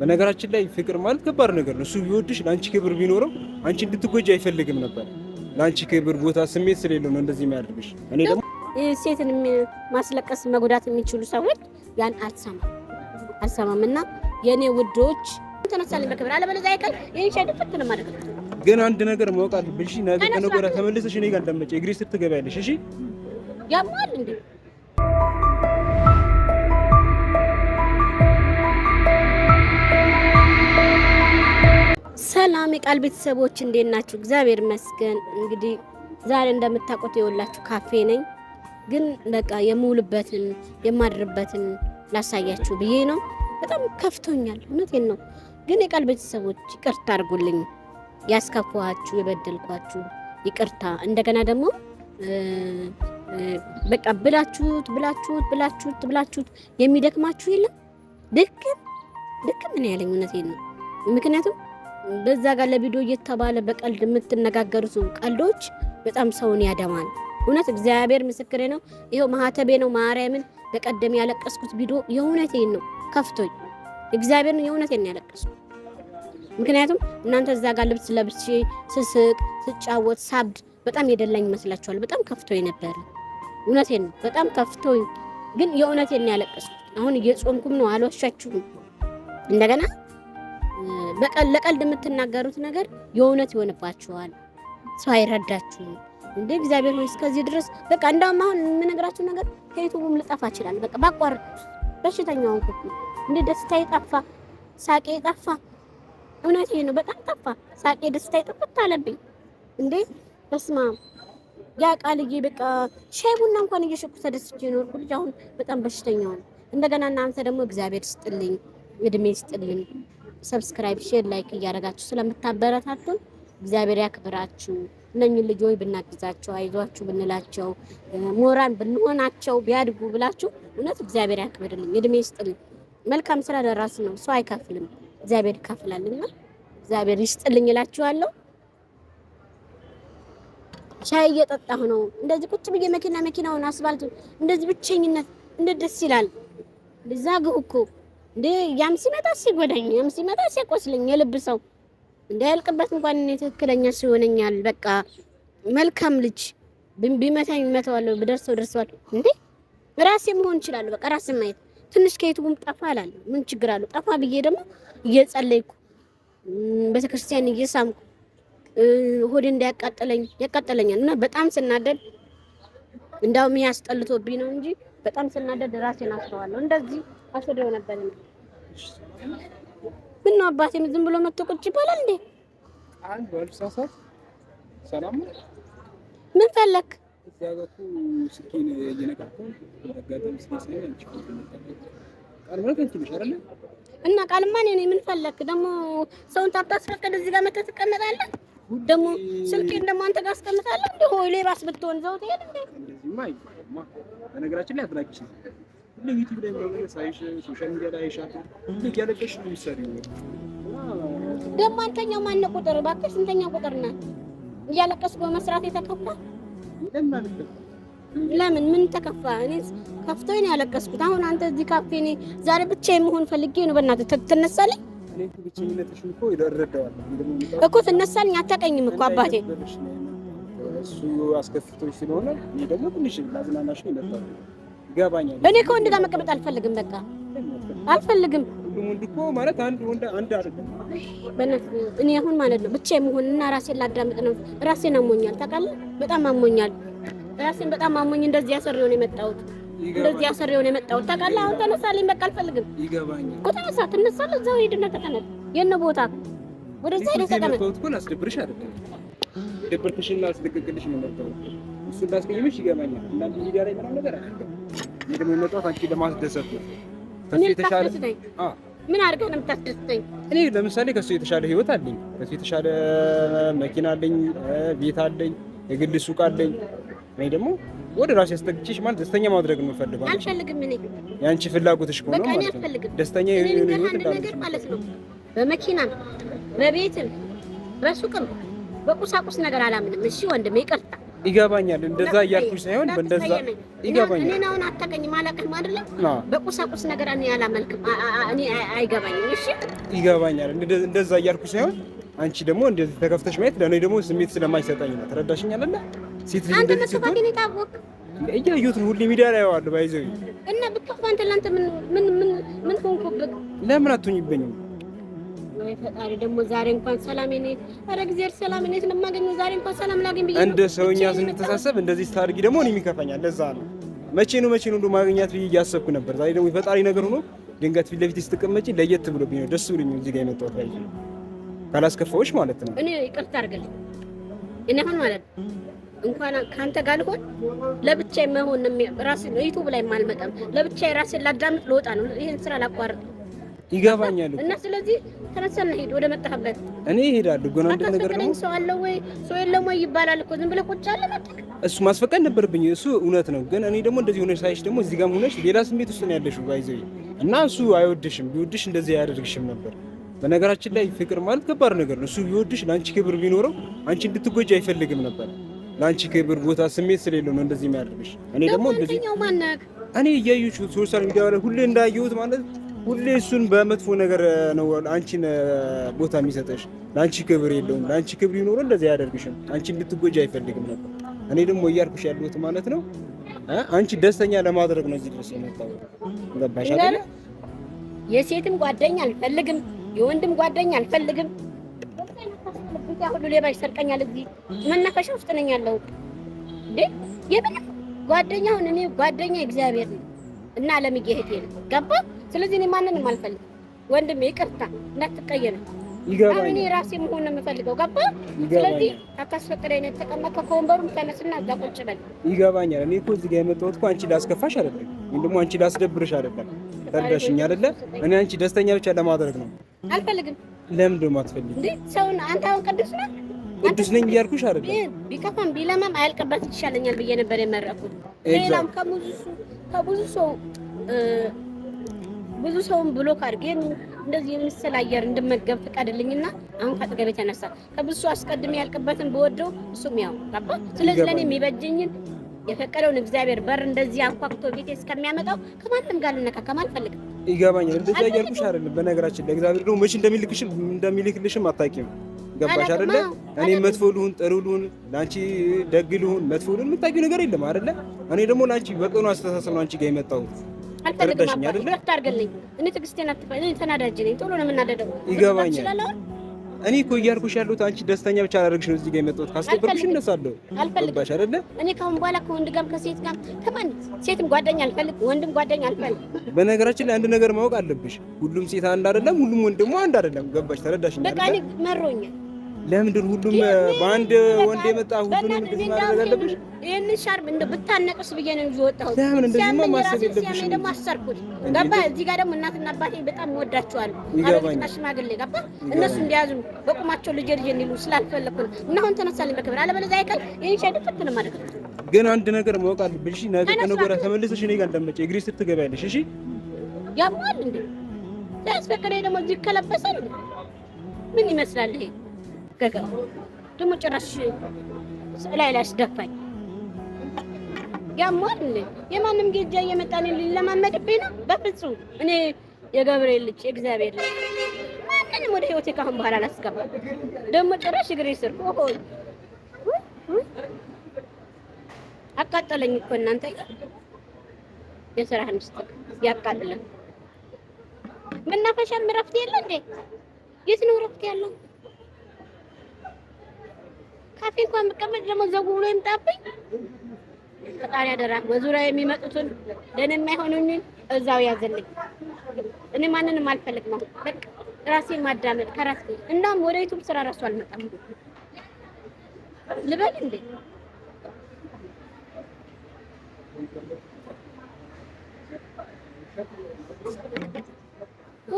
በነገራችን ላይ ፍቅር ማለት ከባድ ነገር ነው። እሱ ቢወድሽ ለአንቺ ክብር ቢኖርም አንቺ እንድትጎጂ አይፈልግም ነበር። ለአንቺ ክብር ቦታ ስሜት ስለሌለው ነው እንደዚህ የሚያደርግሽ። እኔ ደግሞ ሴትን ማስለቀስ መጉዳት የሚችሉ ሰዎች ያን አልሰማ አልሰማም እና የእኔ ውዶች ተነሳልኝ በክብር አለበለዚያ አይቀር ይህን ሸግ ፍትን ማለት ነው። ግን አንድ ነገር ማወቅ አለብሽ። ነገ ከነገ ወዲያ ተመልሰሽ እኔ ጋር እንዳትመጪ እግሬ ስር ትገቢያለሽ። እሺ ያማል እንዴ ሰላም የቃል ቤተሰቦች እንዴት ናችሁ? እግዚአብሔር ይመስገን። እንግዲህ ዛሬ እንደምታውቁት የወላችሁ ካፌ ነኝ፣ ግን በቃ የምውልበትን የማድርበትን ላሳያችሁ ብዬ ነው። በጣም ከፍቶኛል፣ እውነቴን ነው። ግን የቃል ቤተሰቦች ይቅርታ አድርጉልኝ፣ ያስከፋኋችሁ፣ የበደልኳችሁ ይቅርታ። እንደገና ደግሞ በቃ ብላችሁት ብላችሁት ብላችሁት ብላችሁት የሚደክማችሁ የለም። ድክም ድክም ምን ያለኝ እውነቴን ነው። ምክንያቱም በዛ ጋር ለቪዲዮ እየተባለ በቀልድ የምትነጋገሩት ቀልዶች በጣም ሰውን ያደማል። እውነት እግዚአብሔር ምስክሬ ነው። ይኸው ማህተቤ ነው። ማርያምን በቀደም ያለቀስኩት ቪዲዮ የእውነቴን ነው ከፍቶኝ፣ እግዚአብሔርን የእውነቴን ነው ያለቀስኩት። ምክንያቱም እናንተ እዛ ጋር ልብስ ለብሼ ስስቅ ስጫወት ሳብድ በጣም የደላኝ ይመስላችኋል። በጣም ከፍቶኝ ነበረ። እውነቴን ነው በጣም ከፍቶኝ፣ ግን የእውነቴን ነው ያለቀስኩት። አሁን እየጾምኩም ነው አልወሻችሁም። እንደገና ለቀልድ የምትናገሩት ነገር የእውነት ይሆንባችኋል። ሰው አይረዳችሁም እንደ እግዚአብሔር ሆይ እስከዚህ ድረስ በቃ እንዳውም አሁን የምነግራችሁ ነገር ከዩቱብም ልጠፋ ይችላል። በቃ ባቋርጥ በሽተኛውን ኩኩ እንደ ደስታ ጠፋ፣ ሳቄ ጠፋ። እውነት ይሄ ነው። በጣም ጠፋ ሳቄ፣ ደስታ ጥፍት አለብኝ እንዴ! በስማ ያ ቃልዬ በቃ ሻይ ቡና እንኳን እየሸኩ ተደስቼ የኖርኩ ልጅ አሁን በጣም በሽተኛው ነው። እንደገና እናንተ ደግሞ እግዚአብሔር ስጥልኝ፣ እድሜ ስጥልኝ ሰብስክራይብ፣ ሼር፣ ላይክ እያደረጋችሁ ስለምታበረታቱን እግዚአብሔር ያክብራችሁ። እነኝን ልጆች ብናግዛቸው፣ አይዟችሁ ብንላቸው፣ ሞራን ብንሆናቸው ቢያድጉ ብላችሁ እውነት እግዚአብሔር ያክብርልኝ፣ እድሜ ይስጥልኝ። መልካም ስራ ለራስ ነው፣ ሰው አይከፍልም፣ እግዚአብሔር ይከፍላልና እግዚአብሔር ይስጥልኝ እላችኋለሁ። ሻይ እየጠጣሁ ነው እንደዚህ ቁጭ ብዬ መኪና መኪናውን አስፋልት እንደዚህ ብቸኝነት እንደት ደስ ይላል። ዛግሁ እኮ እንዴ ያም ሲመጣ ሲጎዳኝ፣ ያም ሲመጣ ሲያቆስለኝ የልብ ሰው እንዳያልቅበት እንኳን ትክክለኛ ሲሆነኛል። በቃ መልካም ልጅ ቢመታኝ እመታዋለሁ፣ ብደርሰው ደርሰዋለሁ። እንዴ ራሴ መሆን እችላለሁ። በቃ ራሴ ማየት ትንሽ ከየትጉም ጠፋ እላለሁ። ምን ችግር አለው? ጠፋ ብዬ ደግሞ እየጸለይኩ ቤተክርስቲያን እየሳምኩ ሆዴ እንዳያቃጠለኝ ያቃጠለኛል እና በጣም ስናደድ እንዳውም ያስጠልቶብኝ ነው እንጂ በጣም ስናደድ ራሴን አስረዋለሁ። እንደዚህ አስደው ነበር። ምን ነው አባቴም ዝም ብሎ መቶ ቁጭ ይባላል እንዴ? አንድ ሰላም ምን ፈለክ? እና ቃልማ እኔ ነኝ። ምን ፈለክ ደግሞ? ሰውን ታታስፈቀድ እዚህ ጋር መተህ ትቀመጣለህ? ደግሞ ስልኬን ደግሞ አንተ ጋር አስቀምጣለህ? እንደ ሆይ ሌባስ ብትሆን ዘውት ይሄድ እንዴ እንደዚህማ አይባልማ። በነገራችን ላይ አድናቂሽ ነው ዩቲዩብ ላይ ምናምን ሳይሽ ሶሻል ሚዲያ ላይ አይሻት ሁሌ እያለቀሽ ነው የሚሰሪው። ደግሞ አንተኛው ማነው ቁጥር እባክሽ፣ ስንተኛ ቁጥር ናት? እያለቀስኩ በመስራት የተከፋ ለምን ምን ተከፋ? እኔ ከፍቶኝ ነው ያለቀስኩት። አሁን አንተ እዚህ ካፌ እኔ ዛሬ ብቻ የመሆን ፈልጌ ነው። በእናትህ ትነሳለህ እኮ ትነሳለኝ አታውቀኝም እኮ አባቴ እሱ አስከፍቶች ስለሆነ እኔ ደግሞ ትንሽ ላዝናናሽ ነው ነበር። ይገባኛል። እኔ ከወንድ ጋር መቀመጥ አልፈልግም። በቃ አልፈልግም። ሁሉም ወንድ እኮ ማለት አንድ ወንድ አንድ አይደለም። በእናትህ እኔ አሁን ማለት ነው ብቻዬን መሆንና ራሴን ላዳምጥ ነው። ራሴን አሞኛል፣ ታውቃለህ? በጣም አሞኛል። ራሴን በጣም አሞኝ እንደዚህ ያሰር ነው የመጣሁት እንደዚህ ያሰር የሆነ የመጣው ታውቃለህ? አሁን ተነሳልኝ፣ በቃ አልፈልግም። ይገባኛል እኮ ተነሳ፣ ትነሳለህ። እዛው ሂድና ተቀመጥ። የነ ቦታ ወደዛ ሄደህ ተቀመጥ። ድብርትሽን ላስለቅቅልሽ ነው የነበረው። እሱ ላስቀይምሽ ይገባኛል። አንዳንድ ሚዲያ ላይ ምናምን ነገር አለ። እኔ ደግሞ የመጣሁት አንቺን ለማስደሰት ነው። ከእሱ የተሻለ ምን አድርገህ ነው የምታስደስተኝ? እኔ ለምሳሌ ከሱ የተሻለ ህይወት አለኝ። ከሱ የተሻለ መኪና አለኝ፣ ቤት አለኝ፣ የግል ሱቅ አለኝ። እኔ ደግሞ ወደ ራሴ ያስጠግቼሽ ማለት ደስተኛ ማድረግ ነው ፈልጋለሁ። አልፈልግም። እኔ የአንቺ ፍላጎትሽ ከሆነ ማለት ነው ደስተኛ የሆነ ህይወት እንዳለ ነገር ማለት ነው። በመኪናም በቤትም በሱቅም በቁሳቁስ ነገር አላምንም። እሺ ወንድሜ ይቅርታ። ይገባኛል። እንደዛ እያልኩሽ ሳይሆን በእንደዛ ይገባኛል። እኔን አሁን አታውቅኝም፣ አላውቅህም አይደለ? በቁሳቁስ ነገር እኔ አላመልክም፣ እኔ አይገባኝም። እሺ ይገባኛል። እንደዛ እያልኩሽ ሳይሆን አንቺ ደግሞ እንደዚህ ተከፍተሽ ማየት ለእኔ ደግሞ ስሜት ስለማይሰጠኝ ነው። ተረዳሽኛል? አይደለ? ሴት ልጅ እንደዚህ ስትሆን እያየሁት ነው፣ ሁሌ ሚዲያ ላይ አየዋለሁ። ባይዘው እና ብትከፋ አንተ ለአንተ ምን ምን ምን ሆንኩብህ? ለምን አትሆኝብኝም? ወይ ፈጣሪ ደግሞ ዛሬ እንኳን ሰላም እኔ ኧረ እግዚአብሔር ሰላም እኔ ስለማገኘው ዛሬ እንኳን ሰላም ላገኝ ብዬ እንደ ሰውኛ ስንተሳሰብ እንደዚህ ደግሞ እኔም ይከፋኛል። ለዛ ነው መቼ ነው መቼ ነው ብዬ እያሰብኩ ነበር። ዛሬ ደግሞ የፈጣሪ ነገር ሆኖ ድንገት ፊት ለፊት ስትቀመጪ ለየት ብሎብኝ ነው ደስ ብሎኝ እዚህ ጋር የመጣሁት ላይ ማለት ነው። እኔ ይቅርታ አድርግልኝ። እኔ አሁን ማለት እንኳን ከአንተ ጋር ልሆን ለብቻዬ መሆን ራሴ ዩቱብ ላይ አልመጣም። ለብቻዬ ራሴን ላዳምጥ ልወጣ ነው። ስራ ላቋርጥ ይገባኛል እና ስለዚህ ተነሳና ሄድ ወደ መጣህበት። እኔ እሄዳለሁ። ገና አንድ ነገር ደግሞ ሰው አለ ወይ ሰው የለም ወይ ይባላል እኮ ዝም ብለህ ቁጭ አለ መጥተህ እሱ ማስፈቀድ ነበርብኝ እሱ እውነት ነው፣ ግን እኔ ደግሞ እንደዚህ ሆነሽ ሳይሽ ደግሞ እዚህ ጋርም ሆነሽ ሌላ ስሜት ውስጥ ነው ያለሽው ባይዘይ እና እሱ አይወድሽም። ቢወድሽ እንደዚህ አያደርግሽም ነበር። በነገራችን ላይ ፍቅር ማለት ከባድ ነገር ነው። እሱ ቢወድሽ ለአንቺ ክብር ቢኖረው አንቺ እንድትጎጂ አይፈልግም ነበር። ለአንቺ ክብር ቦታ ስሜት ስለሌለው ነው እንደዚህ የሚያደርግሽ። እኔ ደግሞ እንደዚህ እኔ እያየሁሽ ሶሻል ሚዲያ ላይ ሁሌ እንዳየሁት ማለት ሁሌ እሱን በመጥፎ ነገር ነው አንቺን ቦታ የሚሰጠሽ። ለአንቺ ክብር የለውም። ለአንቺ ክብር ይኖረው እንደዚህ አያደርግሽም። አንቺ እንድትጎጂ አይፈልግም ነበር። እኔ ደግሞ እያልኩሽ ያለሁት ማለት ነው አንቺ ደስተኛ ለማድረግ ነው እዚህ ድረስ የመጣው። ገባሽ አይደል? የሴትም ጓደኛ አልፈልግም፣ የወንድም ጓደኛ አልፈልግም። ሁሉ ሌባሽ ሰርቀኛል። እዚህ መናፈሻ ውስጥ ነኝ ያለሁት። ጓደኛውን እኔ ጓደኛ እግዚአብሔር ነው እና አለምዬ እህቴ ነው። ገባ? ስለዚህ እኔ ማንንም አልፈልግም። ወንድሜ ይቅርታ፣ እንዳትቀየረ ይገባኝ። እኔ ራሴ መሆን ነው የምፈልገው። ገባ? ስለዚህ አታስፈቅደኝ። አይነት የተቀመጥከው ከወንበሩም ተነስና እዛ ቁጭ በል። ይገባኛል። እኔ እኮ እዚህ ጋር የመጣሁት እኮ አንቺ ላስከፋሽ አይደለም፣ ወይም ደግሞ አንቺ ላስደብርሽ አይደለም። ተረዳሽኝ አይደለ? እኔ አንቺ ደስተኛ ብቻ ለማድረግ ነው። አልፈልግም። ለምን ደግሞ አትፈልግም እንዴ? ሰውን አንተ አሁን ቅዱስ ነህ ቅዱስ ነኝ እያልኩሽ አይደለም። ቢከፋም ቢለማም አያልቅበት ይሻለኛል ብዬ ነበር የመረጥኩት። ሌላም ከሙዙሱ ከብዙ ሰው ብዙ ሰውን ብሎክ አድርጌን እንደዚህ የምስል አየር እንድመገብ ፍቀድልኝና አሁን ከአጠገቤ ተነሳ። ከብዙ ሰው አስቀድሜ ያልቅበትን በወደው እሱም ያው ባባ። ስለዚህ ለእኔ የሚበጅኝን የፈቀደውን እግዚአብሔር በር እንደዚህ አንኳኩቶ ቤቴ እስከሚያመጣው ከማንም ጋር ልነካከም አልፈልግም። ይገባኛል። እንደዚህ አየርኩሽ አይደለም። በነገራችን ለእግዚአብሔር ደግሞ መቼ እንደሚልክሽም እንደሚልክልሽም አታውቂም። ገባሽ አይደለ? እኔ መጥፎ ልሁን ጥሩ ልሁን ለአንቺ ደግ ልሁን መጥፎ ልሁን የምታውቂው ነገር የለም አይደለ? እኔ ደግሞ ላንቺ በቀኑ አስተሳሰብ ነው አንቺ ጋር የመጣሁት። አልፈልግም አይደለ? አታርገልኝ። እኔ ትዕግስቴን አትፈል። እኔ ተናዳጅ ነኝ፣ ቶሎ ነው የምናደደው። ይገባኛል። እኔ እኮ እያልኩሽ ያለሁት አንቺ ደስተኛ ብቻ አላደረግሽ ነው እዚህ ጋር የመጣሁት። ካስደበርኩሽ እነሳለሁ። ገባሽ አይደለ? እኔ ከአሁን በኋላ ከወንድ ጋርም ከሴት ጋርም ተማን ሴትም ጓደኛ አልፈልግ፣ ወንድም ጓደኛ አልፈልግ። በነገራችን ላይ አንድ ነገር ማወቅ አለብሽ፣ ሁሉም ሴት አንድ አይደለም፣ ሁሉም ወንድም አንድ አይደለም። ገባሽ? ተረዳሽኝ? በቃ እኔ መሮኛል። ለምንድን ሁሉም በአንድ ወንድ የመጣ ሁሉንም እንደዚህ ማድረግ አለብሽ? ይህን ሻርብ እንደ ብታነቅስ ብዬ ነው እንጂ ወጣሁት። ለምን እንደዚህ ማሰብ የለብሽ። ደግሞ አሰርኩት ገባ። እዚህ ጋር ደግሞ እናትና አባቴ በጣም ወዳቸዋል። አረጋግጥ ሽማግሌ ገባ። እነሱ እንዲያዙ በቁማቸው ልጅ ልጅ እንዲሉ ስላልፈለኩ ነው። እና አሁን ተነሳልኝ በክብር አለበለዚያ አይቀር ይህን ሻይ ድፍት ነው ማለት ግን አንድ ነገር ማወቅ አለብሽ። ነገ ከነገ ተመልሰሽ እኔ ጋር እንደመጪ እግሪ ስር ትገቢያለሽ። እሺ ያማል እንዴ ያስፈቀደ ደግሞ እዚህ ከለበሰ ምን ይመስላል ይሄ ገገም ደግሞ ጭራሽ ላይ ላይ አስደፋኝ። ያሟል የማንም ጌጃ እየመጣን ሊለማመድብኝ ነው። በፍጹም እኔ የገብርኤል ልጅ የእግዚአብሔር ልጅ ማንንም ወደ ህይወቴ ካሁን በኋላ አላስገባም። ደግሞ ጭራሽ እግሬ ስር ሆይ አቃጠለኝ እኮ እናንተ የስራህን ስጥ ያቃጥለን። መናፈሻም እረፍት የለ እንዴ? የት ነው እረፍት ያለው? ካፌ እንኳን ብቀመጥ ደግሞ ዘጉ ብሎ ይምጣብኝ። ፈጣሪ አደራ በዙሪያ የሚመጡትን ለእኔ የማይሆኑኝን እዛው ያዘልኝ። እኔ ማንንም አልፈልግ ነው በቃ ራሴን ማዳመጥ ከራሴ እናም ወደ ዩቱብ ስራ ራሱ አልመጣም ልበል እንዴ?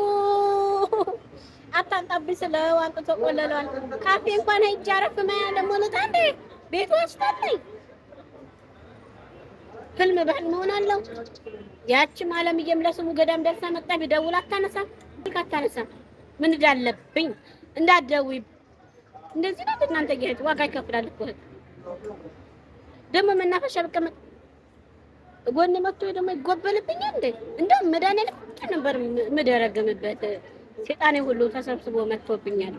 ኦ አታንጣብኝ ስለው አንጥቶ ካፌ እንኳን ሂጅ አረፍ መያ ደግሞ ልጣ ቤቱ አስጠላኝ። ህልም በህልም እሆናለሁ። ያችም አለምዬም ለስሙ ገዳም ደርሳ መጣ። ቢደውል አታነሳም፣ ስልክ አታነሳም። ምን እንዳለብኝ እንዳትደውይ። እንደዚህ ነው እናንተ ጌት ዋጋ ይከፍላል እኮ ደግሞ መናፈሻ ብቀመጥ ጎን መጥቶ ደግሞ ይጎበልብኛል እንዴ። እንደውም መድኃኒዓለም ነበር የምደረግምበት ሴጣኔ ሁሉ ተሰብስቦ መጥቶብኛል።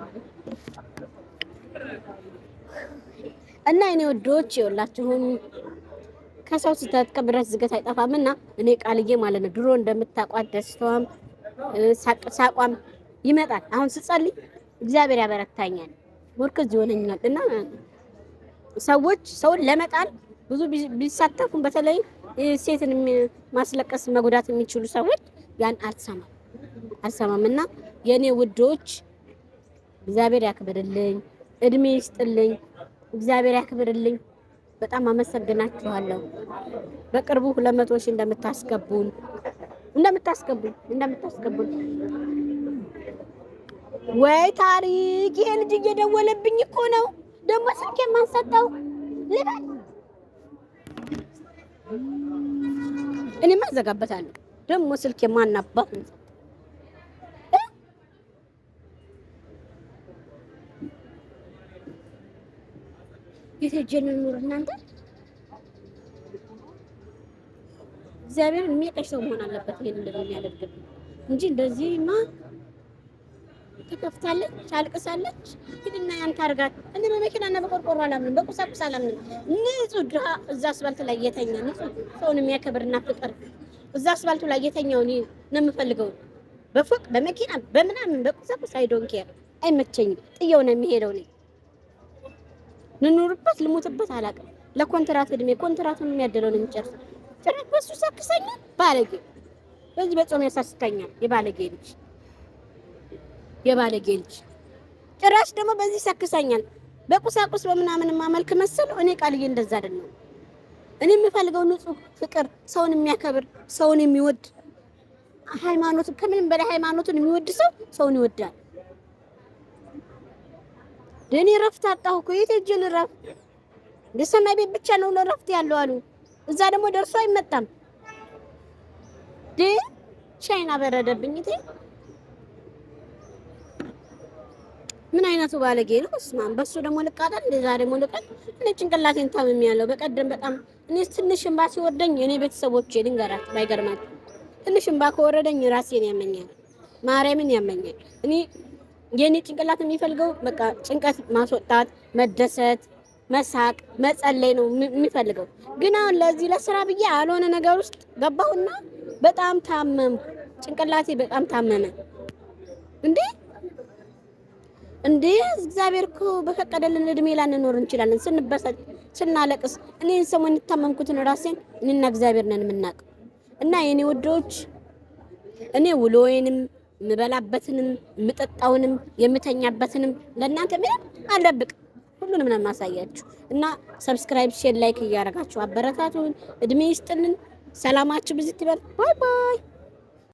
እና እኔ ወዶች የወላችሁም ከሰው ስህተት ከብረት ዝገት አይጠፋም። እና እኔ ቃልዬ ማለት ነው ድሮ እንደምታቋት ደስታዋም ሳቋም ይመጣል። አሁን ስጸልይ እግዚአብሔር ያበረታኛል፣ ወርከዝ ይሆነኛል። እና ሰዎች ሰውን ለመጣል ብዙ ቢሳተፉም በተለይ ሴትን ማስለቀስ መጉዳት የሚችሉ ሰዎች ያን አልሰማም። አልሰማም። እና የእኔ ውዶች እግዚአብሔር ያክብርልኝ፣ እድሜ ይስጥልኝ፣ እግዚአብሔር ያክብርልኝ። በጣም አመሰግናችኋለሁ። በቅርቡ ሁለት መቶ ሺህ እንደምታስገቡን እንደምታስገቡን እንደምታስገቡን ወይ ታሪክ ይሄ ልጅ እየደወለብኝ እኮ ነው። ደግሞ ስልክ የማንሰጠው ልበል። እኔማ እዘጋበታለሁ። ደግሞ ስልክ የማናባት ቤት ሄጄ እንኑር እናንተ። እግዚአብሔር የሚቀሽ ሰው መሆን አለበት ይሄን እንደሚያደርግብ እንጂ እንደዚህማ ትከፍታለች፣ አልቅሳለች። ሂድና ያንተ አርጋት። እኔ በመኪናና በቆርቆሮ አላምንም፣ በቁሳቁስ አላምንም። ንጹህ ድሃ እዛ አስባልት ላይ የተኛ ንጹህ ሰውን የሚያከብርና ፍቅር እዛ አስባልቱ ላይ የተኛው ነው የምፈልገው። በፎቅ በመኪና በምናምን በቁሳቁስ አይዶን ኬር አይመቸኝም። ጥየው ነው የሚሄደው ነው ንኑርበት ልሞትበት አላውቅም። ለኮንትራት እድሜ ኮንትራቱን ነው የሚጨርስ ጭራሽ በሱ ሰክሰኛል። ባለጌ በዚህ በጾም ያሳስተኛል። የባለጌ ልጅ የባለጌ ልጅ ጭራሽ ደግሞ በዚህ ሰክሰኛል። በቁሳቁስ በምናምን ማመልክ መሰለው። እኔ ቃልዬ እንደዛ አይደለም። እኔ የምፈልገው ንጹህ ፍቅር፣ ሰውን የሚያከብር ሰውን የሚወድ ሃይማኖቱ ከምንም በላይ ሃይማኖቱን የሚወድ ሰው ሰውን ይወዳል። እኔ እረፍት አጣሁ እኮ የት ሂጅ ልረፍ? ሰማይ ቤት ብቻ ነው ለእረፍት ያለው አሉ። እዛ ደግሞ ደርሶ አይመጣም። ድ ቻይና በረደብኝ። እቴ ምን አይነቱ ባለጌ ነው? እስማ በሱ ደግሞ ልቃጠል እንደዛ ደግሞ ልቀል። እኔ ጭንቅላቴን ታምም ያለው በቀደም በጣም እኔ ትንሽ እንባ ሲወርደኝ እኔ ቤተሰቦቼ ልንገራት ባይገርማት ትንሽ እንባ ከወረደኝ ራሴን ያመኛል፣ ማርያምን ያመኛል እኔ የኔ ጭንቅላት የሚፈልገው በቃ ጭንቀት ማስወጣት፣ መደሰት፣ መሳቅ፣ መጸለይ ነው የሚፈልገው። ግን አሁን ለዚህ ለስራ ብዬ አልሆነ ነገር ውስጥ ገባሁና በጣም ታመምኩ። ጭንቅላቴ በጣም ታመመ። እንዴ እንዴ እግዚአብሔር እኮ በፈቀደልን እድሜ ላንኖር እንችላለን። ስንበሰጥ ስናለቅስ እኔን ሰሞን የታመምኩትን ራሴን እኔና እግዚአብሔር ነን የምናውቅ እና የእኔ ውዶች እኔ ወይንም ምበላበትንም ምጠጣውንም የምተኛበትንም ለእናንተ ምንም አልደብቅ ሁሉንም ነው የማሳያችሁ። እና ሰብስክራይብ፣ ሼር፣ ላይክ እያደረጋችሁ አበረታቱን። እድሜ ይስጥልን። ሰላማችሁ ብዙ ይበል። ባይ ባይ።